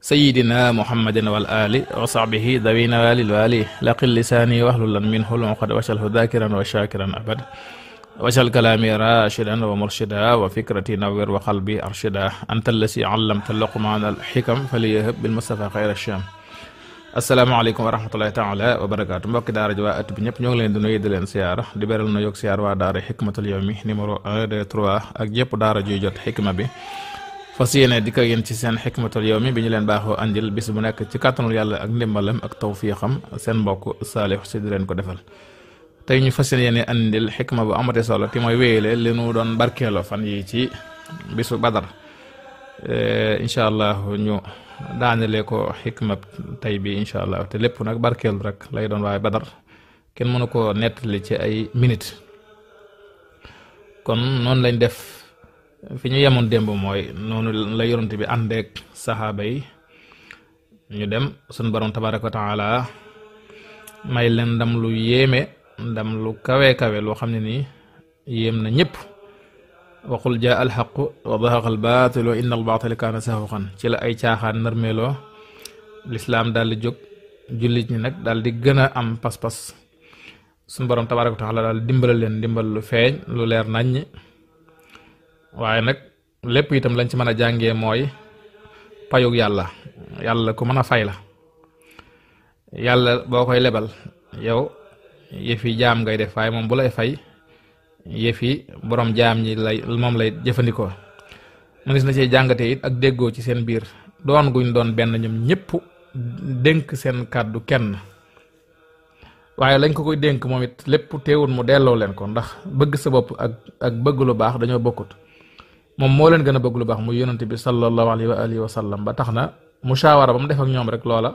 sayidina muhammadin wal ali wa sahbihi dawina walil wali laqil lisaani waxlulan minhu lmuqad wacalhu dakiran wa shakiran abad wacal kalaami rachidan wa murshida nawir wa qalbi arshida anta allasi allamta luqmaana alxikam faliyahab bilmustafa xayra sham asalaamaaleykum wa taala wa mbokki daara ji waa at bi ñëpp ñoo leen di leen siyaar di beral nu yog siyaar waa daara xikmatul yawmi numéro 1 2 ak yëpp daara juy jot fas yéene di ko yéen ci seen xikmatul yawmi bi ñu leen baaxoo andil bis bu nekk ci kàttanul yàlla ak ndimbalam ak tawfiixam seen mbokk Saliou Sy di leen ko defal tey ñu fas yéene andil xikma bu amate solo te mooy wéyale li nu doon barkeeloo fan yi ci bisu badar e, incha allah ñu daanale ko xikma tey bi incha allah te lépp nag barkeelu rek lay doon waaye badar kenn mënu ko nettali ci ay minute kon noonu lañ def fi ñu yemoon démb mooy noonu la yonent bi àndeek saxaaba yi ñu dem suñ borom tabaraka wa taala may leen ndam lu yéeme ndam lu kawe kawe loo xam ne nii yéem na ñëpp waxul jaa alxaqu wa dahaqa albaatilu inna albaatila kaana saxuqan ci la ay caaxaan narmeeloo lislaam daal di jóg jullit ñi nag daal di gën a am pas-pas suñ borom tabaraka wa taala daal dimbala leen dimbal lu feeñ lu leer nañ ñi waaye nag lépp itam lañ ci mën a jàngee mooy payug yàlla yàlla ku mën a fay la yàlla boo koy lebal yow yëfi jaam ngay def waaye moom bu lay fay yëfi boroom jaam ñi lay moom lay jëfandikoo mënees na cee jàngate it ak déggoo ci seen biir doon doon benn ñoom ñëpp dénk seen kàddu kenn waaye lañ ko koy dénk moom it lépp teewul mu delloo leen ko ndax bëgg sa bopp ak ak bëgg lu baax dañoo bokkut moom moo leen gën a bëgg lu baax muy yonante bi sallallahu alayhi wa alihi wa sallam ba tax na mushawara ba mu def ak ñoom rek loola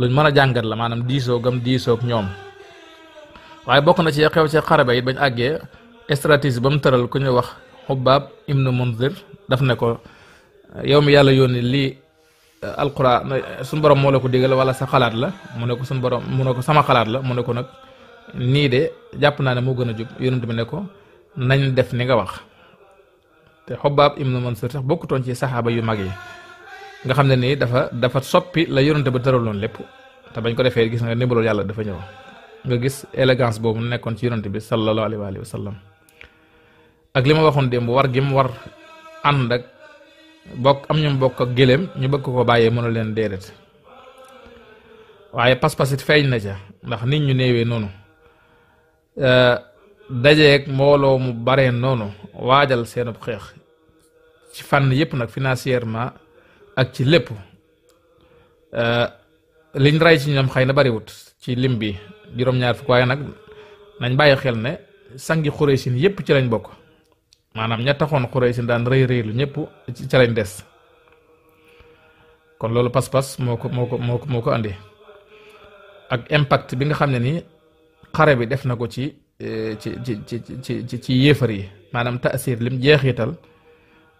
luñ mën a jàngat la maanaam diisoo gam diisoo ak ñoom waaye bokk na ci xew ci xare ba it bañ àggee stratégie ba mu tëral ku ñuy wax xubaab ibnu munzir daf ne ko yow mi yàlla yónni lii eh, alquran eh, su borom moo la ko digal wala sa xalaat la mu ne ko suñu borom mu ne ko sama xalaat la mu ne ko nag nii de jàpp naa ne moo gën a jub yonent ne ko nañ te Xubaab ibnu Mansuur sax bokkutoon ci saxaaba yu mag yi nga xam ne nii dafa dafa soppi la yonante ba tëraloon lépp te bañ ko defee gis nga ndimbalul yàlla dafa ñëw nga gis élégance boobu nekkoon ci yonante bi sallallahu alayhi wa sallam ak li ma waxoon démb war gi mu war ànd ak am ñu bokk géléem ñu bëgg ko bàyyee mënu leen déedéet waaye pas-pas it feeñ na ca ndax nit ñu néewee noonu euh, dajeeg mbooloo mu baree noonu waajal seenub xeex ci fànn yëpp nag financièrement ak ci lépp euh, liñ ray ci ñoom xëy na bariwut ci lim bi juróom-ñaar fukk waaye nag nañ bàyyi xel ne sangi xureysin yëpp ci lañ bokk maanaam ña taxoon xureysin daan rëy rëy lu ñëpp ci lañ des kon loolu pas-pas moo ko moo ko moo ko moo ko andi ak impact bi nga xam ne ni xare bi def na ko ci euh, ci ci ci ci ci yéefar yi maanaam taasir lim jeexital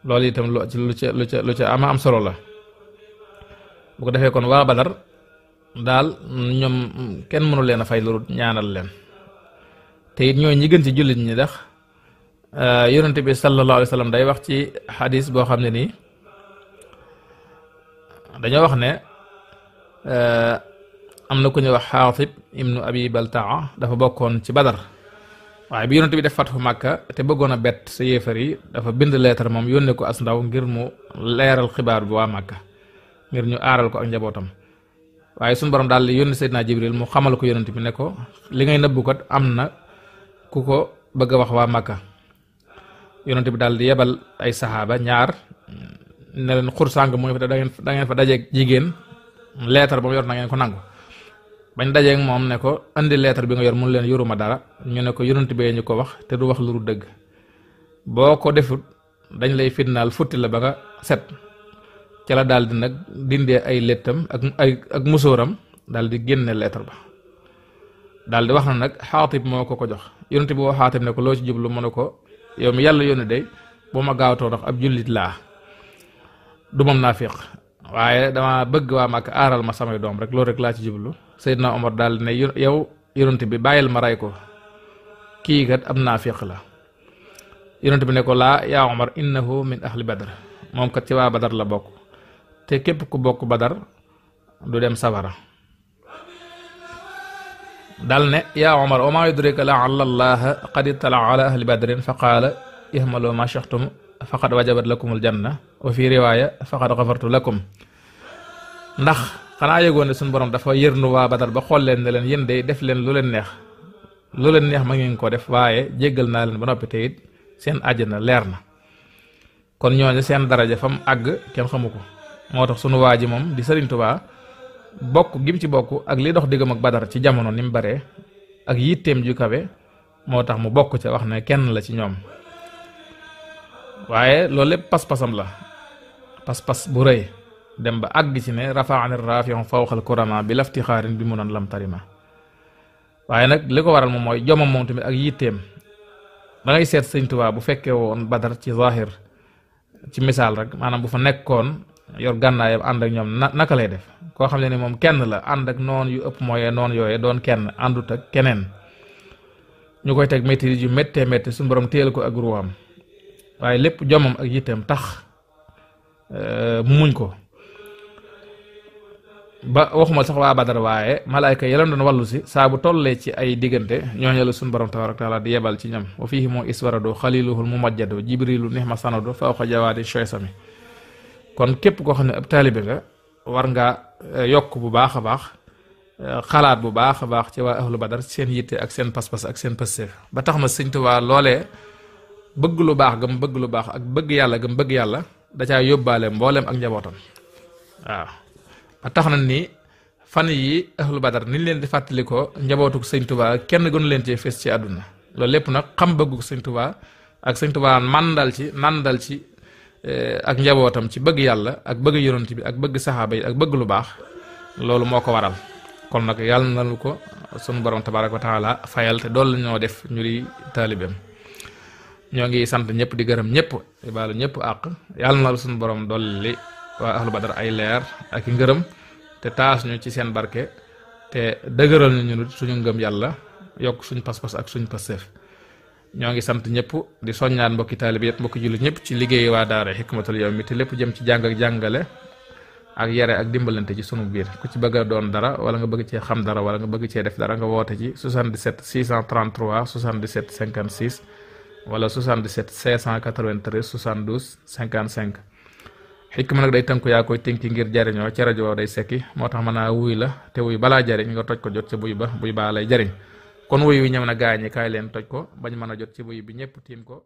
loolu itam lu ci lu ca lu ca lu ca am am solo la bu ko defee kon waa Badar daal ñoom kenn mënu leen a fay lu ñaanal leen te it ñooy ñi gën ci jullit ñi ndax euh, yonent bi sallallahu alayhi day wax ci xadiis boo xam ne nii dañoo wax ne euh, am na ku ñu wax xaatib ibnu abi baltaa dafa bokkoon ci Badar waaye bi yonent bi def fatxu màkka te bëggoon a bett sa yéefar yi dafa bind leetar moom yónnee ko as ndaw ngir mu leeral xibaar bi waa màkka ngir ñu aaral ko ak njabootam waaye suñu borom daal yónni Seydina Jibril mu xamal ko yonent bi ne ko li ngay nëbbu kat am na ku ko bëgg wax waa màkka yonent bi daal di yebal ay saxaaba ñaar ne leen xur sàng mu ngi fa da ngeen da daje jigéen leetar ba mu yor na ngeen ko nangu bañ dajeeg moom ne ko indi lettre bi nga yor mun leen yoruma dara ñu ne ko yonent bee ñu ko wax te du wax lu dul dëgg boo ko defut dañ lay fitnaal futti la ba nga set ca la daldi nag dindee ay lettam ak ay ak musóoram daal di génne lettre ba daal di wax na nag xaatib moo ko ko jox yonent boo woo xaatib ne ko loo ci jublu mu ne ko yow mi yàlla yónni day bu ma gaawtoo ndax ab jullit laa du moom naafiq waaye dama bëgg waa mag aaral ma samay doom rek loolu rek laa ci jublu Seydina Omar daal ne yow yonent bi bàyyil ma rey ko kii kat am naafiq la yonent bi ne ko laa yaa Omar innahu min ahli badar moom kat ci waa badar la bokk te képp ku bokk badar du dem safara dal ne yaa Omar wa maa yudrika la'alla Allaha qad ittala'a ala ahli badrin fa qaala ihmalu ma shi'tum faqad wajabat lakumul janna wa fi riwaaya faqad ghafartu lakum ndax xanaa yëgoon ne suñu borom dafa yërnu waa badar ba xool leen ne leen yéen dey def leen lu leen neex lu leen neex ma ngeen ko def waaye jéggal naa leen ba noppi it seen àjjana leer na kon ñooñu seen daraja fam àgg kenn xamu ko moo tax sunu waa ji moom di Sëriñ Tuubaa bokk gi mu ci bokk ak li dox diggam ak badar ci jamono ni mu baree ak yitteem ju kawe moo tax mu bokk ca wax ne kenn la ci ñoom waaye loolu lépp pas-pasam la pas-pas bu rëy dem ba àgg ci ne rafaan rafion fawqal kurama bi laftixaarin bi mu noon lam tarima waaye nag li ko waral moom mooy jomam moom tamit ak yitteem da ngay seet sëñ Tuubaa bu fekkee woon badar ci zahir ci misaal rek maanaam bu fa nekkoon yor gànnaayam ànd ak ñoom na naka lay def koo xam ne ni moom kenn la ànd ak noon yu ëpp mooyee noonu yooyee doon kenn àndut ak keneen ñu koy teg métti yu méttee métti su borom téel ko ak ruwaam waaye lépp jomam ak yitteem tax euh, muñ ko ba waxuma sax waa badar waaye malaayka yelan doon wàllu si saa bu tollee ci ay diggante ñoo la suñu borom tabaaraka taala di yebal ci ñam wa fiihi moo iswarado xaliluhul mumajjado jibrilu nihma sanado fawqa jawaadi choysami kon képp koo xam ne ab taalibe nga war nga eh, yokk bu baax a baax eh, xalaat bu baax a baax ci waa ahlu badar seen yitte ak seen pas-pas ak seen passeef ba tax ma sëñ Tuubaa loolee bëgg lu baax gëm bëgg lu baax ak bëgg yàlla gëm bëgg yàlla da caa yóbbaale ak njabootam ba tax na ni fan yi lu baa badar niñ leen di fàttali ko njabootuk sëñ tubaa kenn gënu leen cee fees ci àdduna loolu lépp nag xam bëgguk sëñ tubaa ak sëñ tubaa màndal ci nàndal ci eh, ak njabootam ci bëgg yàlla ak bëgg yonent bi ak bëgg saxaaba yi ak bëgg lu baax loolu moo ko waral kon nag yàlla nañu ko sunu borom tabaaraka wa taala fayal te dool la ñoo def ñu di taalibeem ñoo ngi sant ñëpp di gërëm ñëpp di baalu àq yàlla na sunu borom dolli waa ahlu dara ay leer ak i ngërëm te taas ñu ci seen barke te dëgëral ñu ñun suñu ngëm yàlla yokk suñ pas-pas ak suñ passeef ñoo ngi sant ñëpp di soññaan mbokki taalib yëpp mbokki jullit ñëpp ci liggéey waa daara Hikmatul Yawmi te lépp jëm ci jàng ak jàngale ak yare ak dimbalante ci sunu biir ku ci bëgg doon dara wala nga bëgg cee xam dara wala nga bëgg cee def dara nga woote ci 77 633 77 56 wala 77 693 72 55 xikma nag day tënku yaa koy tënki ngir jariñoo ci rajo day sekki moo tax mën naa wuy la te wuy balaa jariñ nga toj ko jot ca buy ba buy baa lay jariñ kon wuy wi ñëw na gaañi kaay leen toj ko bañ mën a jot ci buy bi ñëpp tiim ko